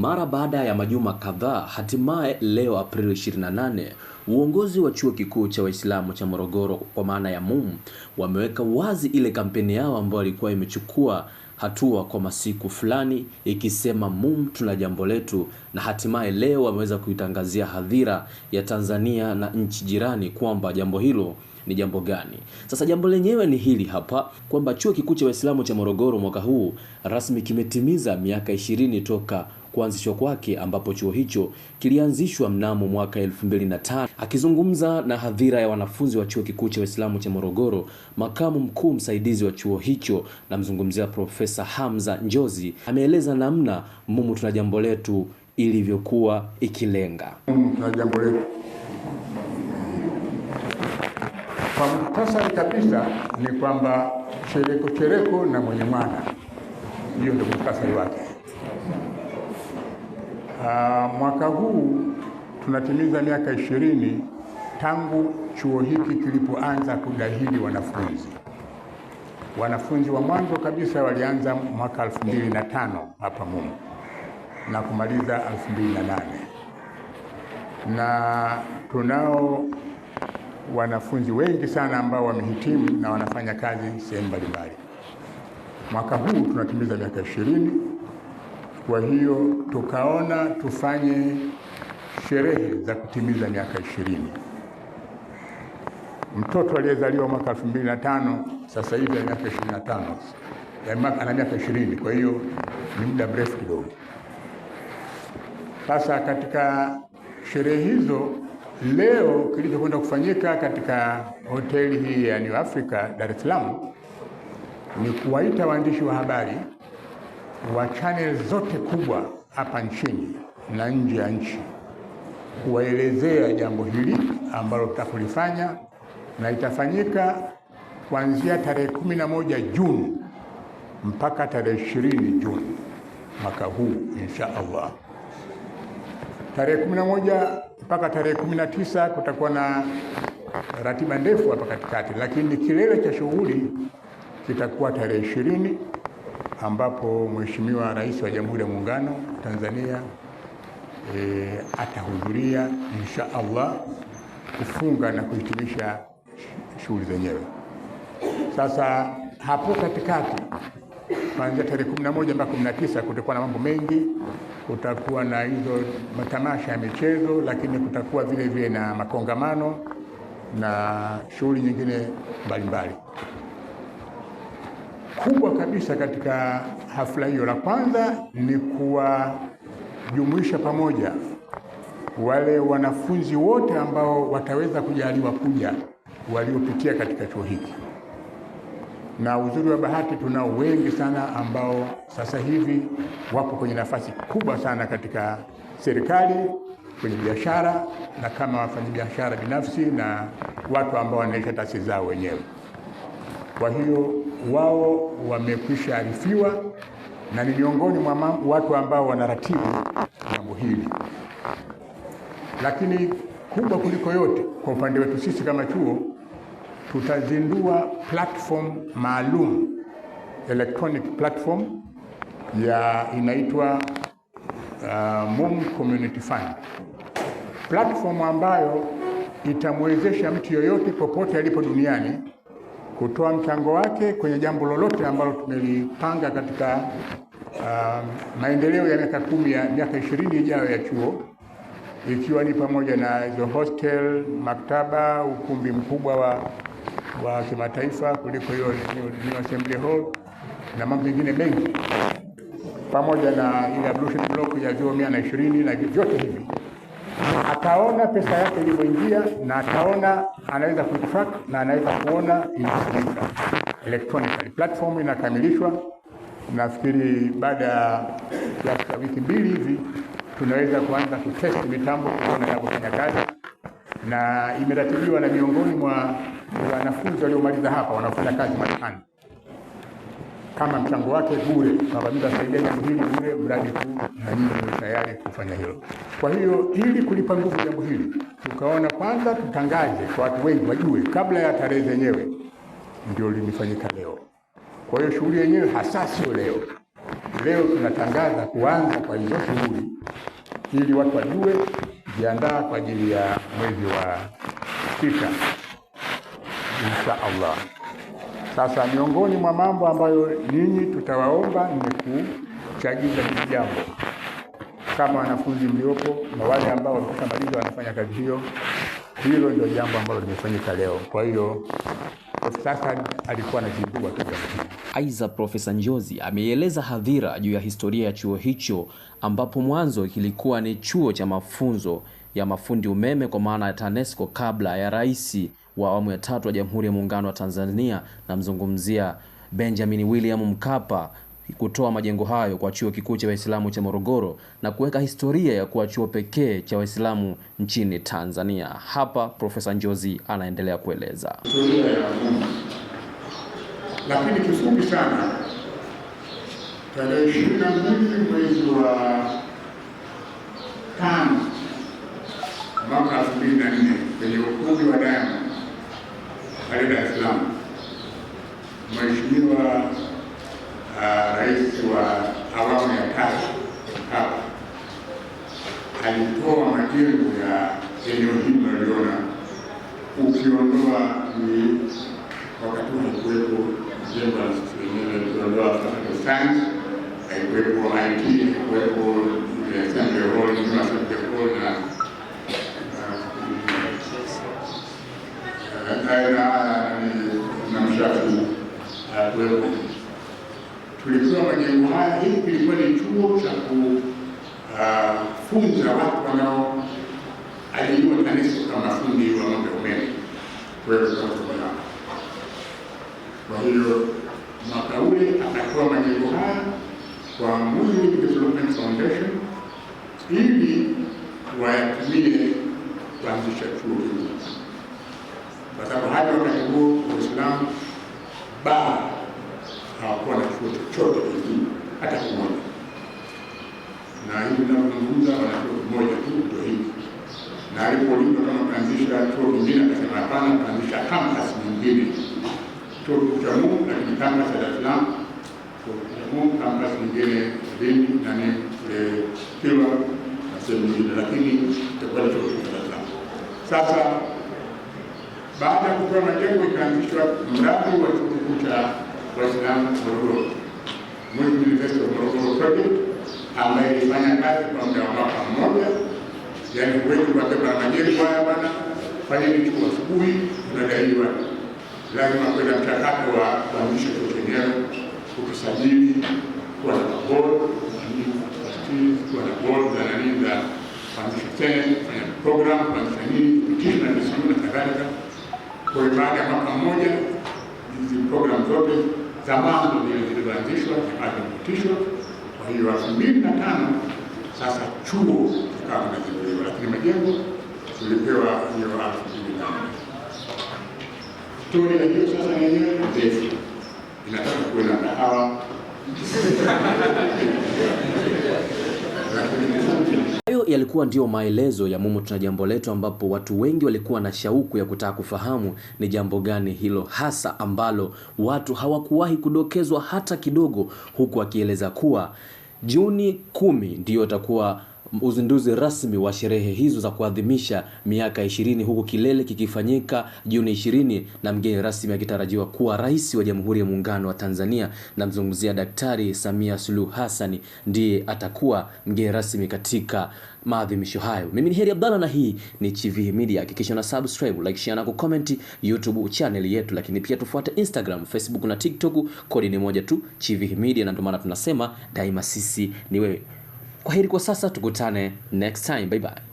Mara baada ya majuma kadhaa, hatimaye leo Aprili 28, uongozi wa Chuo Kikuu cha Waislamu cha Morogoro kwa maana ya MUM wameweka wazi ile kampeni yao ambayo ilikuwa imechukua hatua kwa masiku fulani ikisema MUM tuna jambo letu, na hatimaye leo wameweza kuitangazia hadhira ya Tanzania na nchi jirani kwamba jambo hilo ni jambo gani. Sasa jambo lenyewe ni hili hapa kwamba Chuo Kikuu cha Waislamu cha Morogoro mwaka huu rasmi kimetimiza miaka ishirini toka kuanzishwa kwake ambapo chuo hicho kilianzishwa mnamo mwaka 2005. Akizungumza na hadhira ya wanafunzi wa chuo kikuu cha Waislamu cha Morogoro, makamu mkuu msaidizi wa chuo hicho namzungumzia Profesa Hamza Njozi ameeleza namna MUMU tuna jambo letu ilivyokuwa ikilenga. MUMU tuna jambo letu kwa muhtasari kabisa ni kwamba chereko chereko na mwenye mwana, hiyo ndio muhtasari wake. Ah, mwaka huu tunatimiza miaka ishirini tangu chuo hiki kilipoanza kudahili wanafunzi. Wanafunzi wa mwanzo kabisa walianza mwaka 2005 hapa MUM na kumaliza 2008 na tunao wanafunzi wengi sana ambao wamehitimu na wanafanya kazi sehemu mbalimbali. Mwaka huu tunatimiza miaka ishirini kwa hiyo tukaona tufanye sherehe za kutimiza miaka ishirini. Mtoto aliyezaliwa mwaka elfu mbili na tano sasa hivi ana miaka ishirini na tano ana miaka ishirini. Kwa hiyo ni muda mrefu kidogo. Sasa katika sherehe hizo leo kilichokwenda kufanyika katika hoteli hii ya New Africa Dar es Salaam ni kuwaita waandishi wa habari wa chaneli zote kubwa hapa nchini na nje ya nchi kuwaelezea jambo hili ambalo tutakulifanya na itafanyika kuanzia tarehe kumi na moja Juni mpaka tarehe ishirini Juni mwaka huu insha Allah. Tarehe kumi na moja mpaka tarehe kumi na tisa kutakuwa na ratiba ndefu hapa katikati, lakini kilele cha shughuli kitakuwa tarehe ishirini ambapo Mheshimiwa Rais wa Jamhuri ya Muungano Tanzania e, atahudhuria insha Allah kufunga na kuhitimisha shughuli zenyewe. Sasa hapo katikati, kuanzia tarehe kumi na moja mpaka kumi na tisa kutakuwa na mambo mengi. Kutakuwa na hizo matamasha ya michezo, lakini kutakuwa vile vile na makongamano na shughuli nyingine mbalimbali kubwa kabisa katika hafla hiyo, la kwanza ni kuwajumuisha pamoja wale wanafunzi wote ambao wataweza kujaliwa kuja waliopitia katika chuo hiki, na uzuri wa bahati tunao wengi sana ambao sasa hivi wapo kwenye nafasi kubwa sana katika serikali, kwenye biashara na kama wafanyabiashara binafsi na watu ambao wanaendesha taasisi zao wenyewe. Kwa hiyo wao wamekwisha arifiwa na ni miongoni mwa watu ambao wanaratibu jambo hili, lakini kubwa kuliko yote kwa upande wetu sisi kama chuo tutazindua platform maalum, electronic platform ya inaitwa uh, MUM Community Fund, platform ambayo itamwezesha mtu yoyote popote alipo duniani kutoa mchango wake kwenye jambo lolote ambalo tumelipanga katika uh, maendeleo ya miaka kumi ya miaka ishirini ijayo ya chuo ikiwa ni pamoja na hizo hostel, maktaba, ukumbi mkubwa wa, wa kimataifa kuliko hiyo New Assembly Hall na mambo mengine mengi pamoja na ile ablution block ya vyuo mia na ishirini na vyote hivi ataona pesa yake ilivyoingia na ataona anaweza kutrack na anaweza kuona inatumika electronically. Platform inakamilishwa, nafikiri baada ya wiki mbili hivi tunaweza kuanza kutest mitambo kuona inavyofanya kazi, na imeratibiwa na miongoni mwa wanafunzi waliomaliza hapa wanafanya kazi Marekani kama mchango wake bure, Baba asaidia jambo hili bure, mradi huu na nyinyi ni tayari kufanya hilo. Kwa hiyo ili kulipa nguvu jambo hili, tukaona kwanza tutangaze kwa watu wengi wajue kabla ya tarehe zenyewe, ndio limefanyika leo. Kwa hiyo shughuli yenyewe hasa sio leo. Leo tunatangaza kuanza kwa hizo shughuli ili watu wajue, jiandaa kwa ajili ya mwezi wa sita insha Allah. Sasa miongoni mwa mambo ambayo ninyi tutawaomba ni kuchagiza hili jambo, kama wanafunzi mliopo na wale ambao wameshamaliza wanafanya kazi hiyo. Hilo ndio jambo ambalo limefanyika leo, kwa hiyo sasa alikuwa anazindua tu. Aidha, Profesa Njozi ameieleza hadhira juu ya historia ya chuo hicho ambapo mwanzo kilikuwa ni chuo cha mafunzo ya mafundi umeme kwa maana ya TANESCO kabla ya rais wa awamu ya tatu wa Jamhuri ya Muungano wa Tanzania, namzungumzia Benjamin William Mkapa kutoa majengo hayo kwa chuo kikuu cha Waislamu cha Morogoro na kuweka historia ya kuwa chuo pekee cha Waislamu nchini Tanzania. Hapa Profesa Njozi anaendelea kueleza historia ya Mungu, lakini kifupi sana, tarehe ishirini na mbili mwezi wa tano mwaka elfu mbili na nne kwenye ukumbi wa Diamond Mheshimiwa uh, rais wa awamu ya tatu hapa alitoa majengo ya eneo hili naliona, ukiondoa ni wakati hakuwepo majengo yenyewe, ukiondoa Africa Science haikuwepo, IT haikuwepo, na uh, uh, wewe. Tulipewa majengo haya, hii kilikuwa ni chuo cha kufunza ah, uh, watu wanaoajiriwa kanisa kama mafundi wa mambo ya umeme, wewe Kwa hiyo mwaka ule akatoa majengo haya kwa Mwinyi Development Foundation ili wayatumie kuanzisha chuo hili, kwa sababu hadi wakati huo Uislamu baa hawakuwa na chuo chochote kingine hata kimoja, na hivi navyozungumza wana chuo kimoja tu, ndio hivi. Na alipoulizwa kama kuanzisha chuo kingine, akasema hapana, kuanzisha campus nyingine, chuo kikuu cha Mungu, lakini campus ya Dar es Salaam, kikuu cha campus nyingine Lindi nani kule Kilwa na sehemu nyingine, lakini itakuwa kikuu cha Dar es Salaam. Sasa baada ya kupewa majengo, ikaanzishwa mradi wa chuo kikuu cha Rosinam Morogoro, Mwingi University of Morogoro project ambayo ilifanya kazi kwa muda wa mwaka mmoja, yaani wengi wakebana majeri kwaya bana fanyeni tu asubuhi, unadaiwa lazima kwenda mchakato wa kuanzisha tokeneo, ukisajili kuwa na mabodi kuwa na bodi za nani za kuanzisha tena kufanya program kuanzisha nini kupitisha na misomo na kadhalika. Kwa hiyo baada ya mwaka mmoja hizi program zote zamani zilizoanzishwa zikazipitishwa. Kwa hiyo elfu mbili na tano sasa chuo kikawa kinazinduliwa, lakini majengo tulipewa hiyo elfu mbili na nane. Historia hiyo sasa yenyewe ndefu, inataka kuwe na mgahawa yalikuwa ndiyo maelezo ya Mumo Tuna Jambo Letu, ambapo watu wengi walikuwa na shauku ya kutaka kufahamu ni jambo gani hilo hasa ambalo watu hawakuwahi kudokezwa hata kidogo, huku akieleza kuwa Juni kumi ndiyo atakuwa uzinduzi rasmi wa sherehe hizo za kuadhimisha miaka ishirini huku kilele kikifanyika Juni ishirini na mgeni rasmi akitarajiwa kuwa Rais wa Jamhuri ya Muungano wa Tanzania. Namzungumzia Daktari Samia Suluhu Hassan, ndiye atakuwa mgeni rasmi katika maadhimisho hayo. Mimi ni Heri Abdalla na hii ni Chivihi Media. Hakikisha na subscribe, like, share na kucomment YouTube channel yetu, lakini pia tufuate Instagram, Facebook na TikTok. Kodi ni moja tu, Chivihi Media, na ndio maana tunasema daima sisi ni wewe. Kwa heri kwa sasa, tukutane next time. Bye bye.